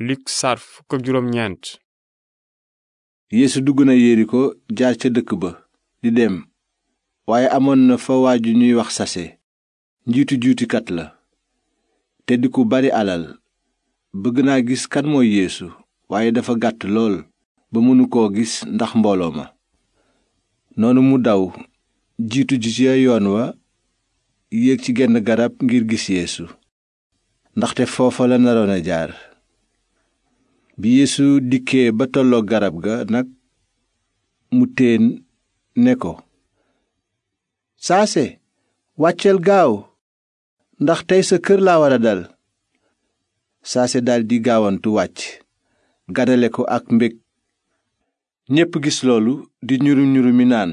Luk saar fukk dugg na Yeriko jaar ca dëkk ba di dem waaye amoon na fa waa ju ñuy wax sase njiitu juutikat la te di ku bari alal bëgg naa gis kan mooy yéesu waaye dafa gàtt lool ba mënu koo gis ndax mbooloo ma noonu mu daw jiitu ji ca yoon wa yéeg ci genn garab ngir gis Yeesu ndaxte foofa la naroon a jaar bi yeesu dikkee ba tolloo garab ga nag mu téen ne ko saase wàcceel gaaw ndax tey sa kër laa war a dal saase daldi gaawantu wàcc gadale ko ak mbég ñépp gis loolu di ñurum ñurumi naan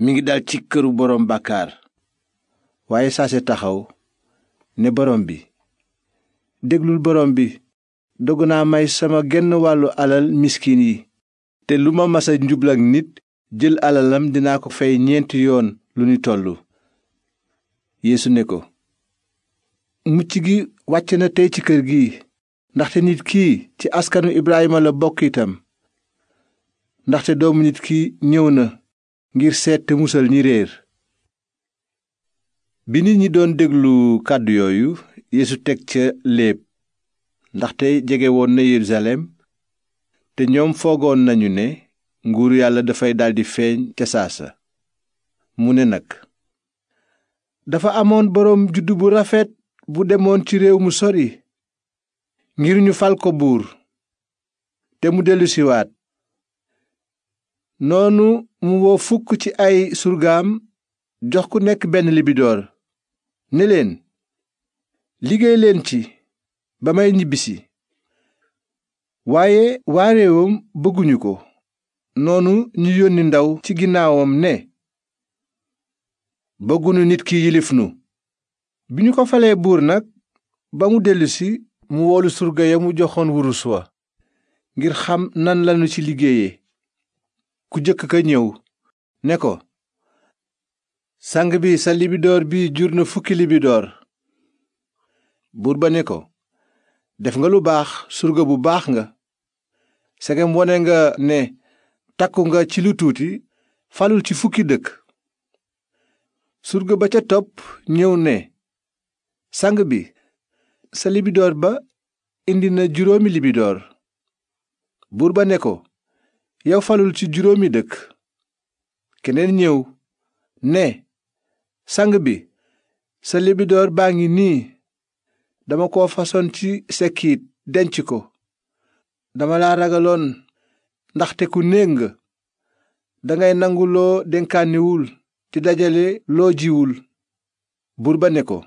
mi ngi dal ci këru boroom bàkkaar waaye saase taxaw ne borom bi déglul borom bi dogu naa may sama genn wàllu alal miskin yi te lu ma masa njubla ak nit jël alalam dinaa ko fay ñeenti yoon lu ni tollu yeesu ne ko mucc gi wàcc na tey ci kër gi ndaxte nit kii ci askanu Ibrahima la bokk itam ndaxte doomu nit ki ñëw na ngir seet musal ni réer bi nit ñi doon déglu kàddu yooyu Yeesu teg ca léeb ndaxte jege woon na yerusalem te ñoom foogoon nañu ne nguur yàlla dafay daldi feeñ ca saasa mu ne nag dafa amoon boroom juddu bu rafet bu demoon ci réew mu sori ngir ñu fal ko buur te mu dellusiwaat noonu mu woo fukk ci ay surgaam jox ku nekk benn libidoor ne leen liggéey leen ci ba may ñibbisi waaye waa bëgguñu ko noonu ñu yónni ndaw ci ginnaawam ne bëgguñu nit ki yilif nu bi ñu ko falee buur nag ba mu dellusi mu woolu surga ya mu joxoon wurus wa ngir xam nan lanu ci liggéeye ku jëkk ko ñëw ne ko sang bi sa libidoor bi jur na fukki libidoor buur ba ne ko def nga lu baax surga bu baax nga segem wone nga ne takku nga ci lu tuuti falul ci fukki dëkk surga ba ca topp ñëw ne sang bi sa libidoor ba indi na juróomi libidoor buur ba ne ko yow falul ci juróomi dëkk keneen ñëw ne sang bi sa libidoor baa ngi nii dama ko fasoon ci sekkiit denc ko dama la ragaloon ndaxte ku néeg nga dangay nangu loo dénkaaniwul di dajale loo jiwul buur ba ne ko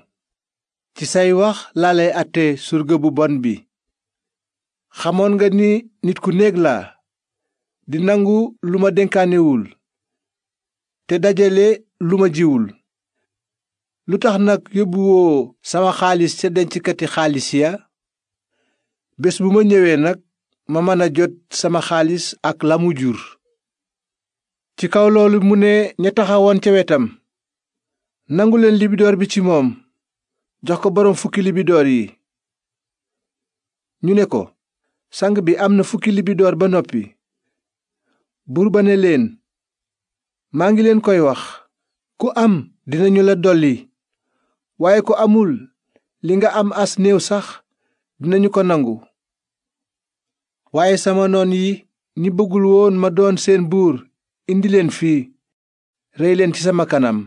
ci say wax laa lay àtte surga bu bon bi xamoon nga ni nit ku néeg laa di nangu lu ma dénkaanewul te dajale lu ma jiwul lu tax nag yóbbuwoo sama xaalis ca denckati xaalis ya bés bu ma ñëwee nag ma mën a jot sama xaalis ak la mu jur ci kaw loolu mu ne ña taxawoon ca wetam nangu leen libidoor bi ci moom jox ko boroom fukki libidoor yi ñu ne ko sang bi am na fukki libidoor ba noppi buur ba ne leen maa ngi leen koy wax ku am dinañu la dolli waaye ko amul li nga am as néew sax dinañu ko nangu waaye sama noon yi ñi bëggul woon ma doon seen buur indi leen fii rey leen ci sama kanam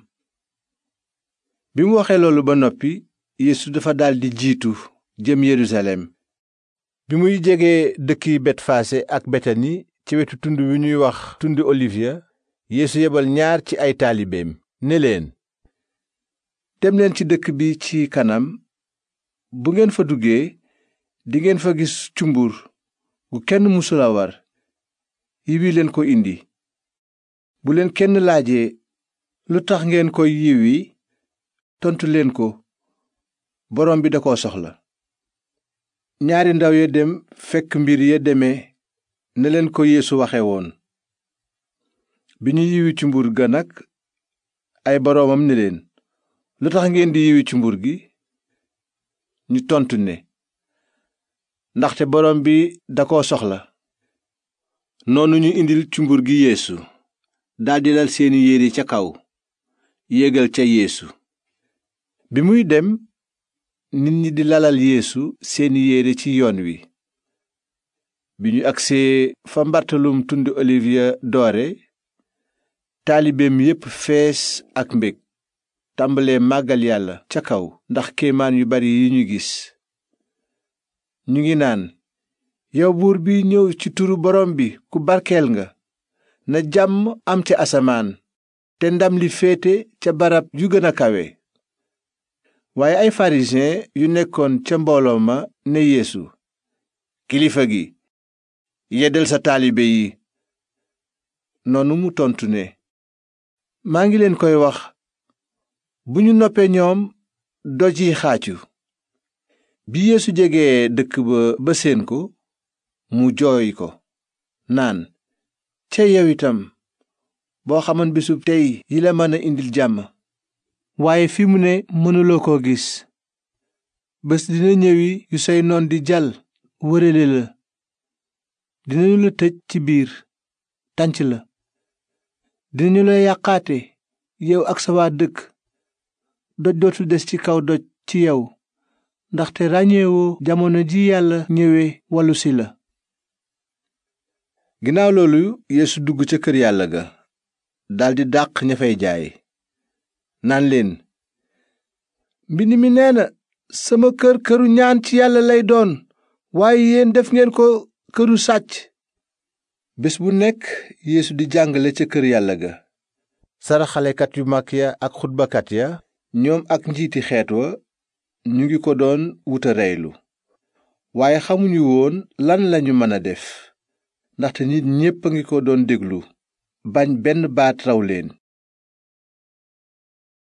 bi mu waxee loolu ba noppi yéesu dafa daldi jiitu jëm yerusalem bi muy jege dëkk dëkki betfase ak betani ci wetu tund wi ñuy wax tund olivier yéesu yebal ñaar ci ay taalibeem ni leen demleen ci dëkk bi ci kanam bu ngeen fa duggee dingeen fa gis cumbur gu kenn musula war yiwi leen ko indi bu leen kenn laajee lu tax ngeen koy yiwi tontu leen ko borom bi da koo soxla ñaari ndaw ya dem fekk mbir ya demee ne leen ko yéesu waxe woon bi ñu yiwi cumbur ga nag ay boroomam ni leen lu tax ngeen di yiwi ci gi ñu tontu ne ndaxte borom bi da koo soxla noonu ñu indil cumbur gi yéesu daldi lal seeni yére ca kaw yéegal ca yéesu bi muy dem nit ñi di lalal yéesu seeni yére ci yoon wi bi ñu agsee fa mbartalum tund olivier doore taalibeem yépp fees ak mbég tàmbalee màggal yàlla ca kaw ndax kéemaan yu bari yi ñu gis ñu ngi naan yow buur bi ñëw ci turu borom bi ku barkeel nga na jàmm am ca asamaan te ndam li féete ca barab yu gën a kawe waaye ay farisiyen yu nekkoon ca mbooloo ma ne yéesu kilifa gi yeddal sa taalibe yi noonu mu tontu ne maa ngi leen koy wax bu ñu noppee ñoom doj yi xaaju bi yeesu jegee dëkk ba ba ko mu jooy ko naan ca yow itam boo xamoon bisub tey yi la mën a indil jàmm waaye fi mu ne mënuloo koo gis bés dina ñëwi yu say noon di jàll wërale la dinañu la tëj ci biir tànc la dinañu la yàqaate yow ak sa waa dëkk doj des ci kaw ci yow ndaxte ràññeewoo jamono ji yàlla ñëwee walu la ginnaaw loolu yeesu dugg ca kër yàlla ga daldi dàq ña fay jaay naan leen mbind mi nee na sama kër këru ñaan ci yàlla lay doon waaye yéen def ngeen ko këru sàcc bés bu nekk yéesu di jàngale ca kër yàlla ga saraxalekat yu mag ya ak xutbakat ya ñoom ak njiiti xeet wa ñu ngi ko doon wuta reylu waaye xamuñu woon lan lañu mën a def ndaxte nit ñépp a ngi ko doon déglu bañ benn baat raw leen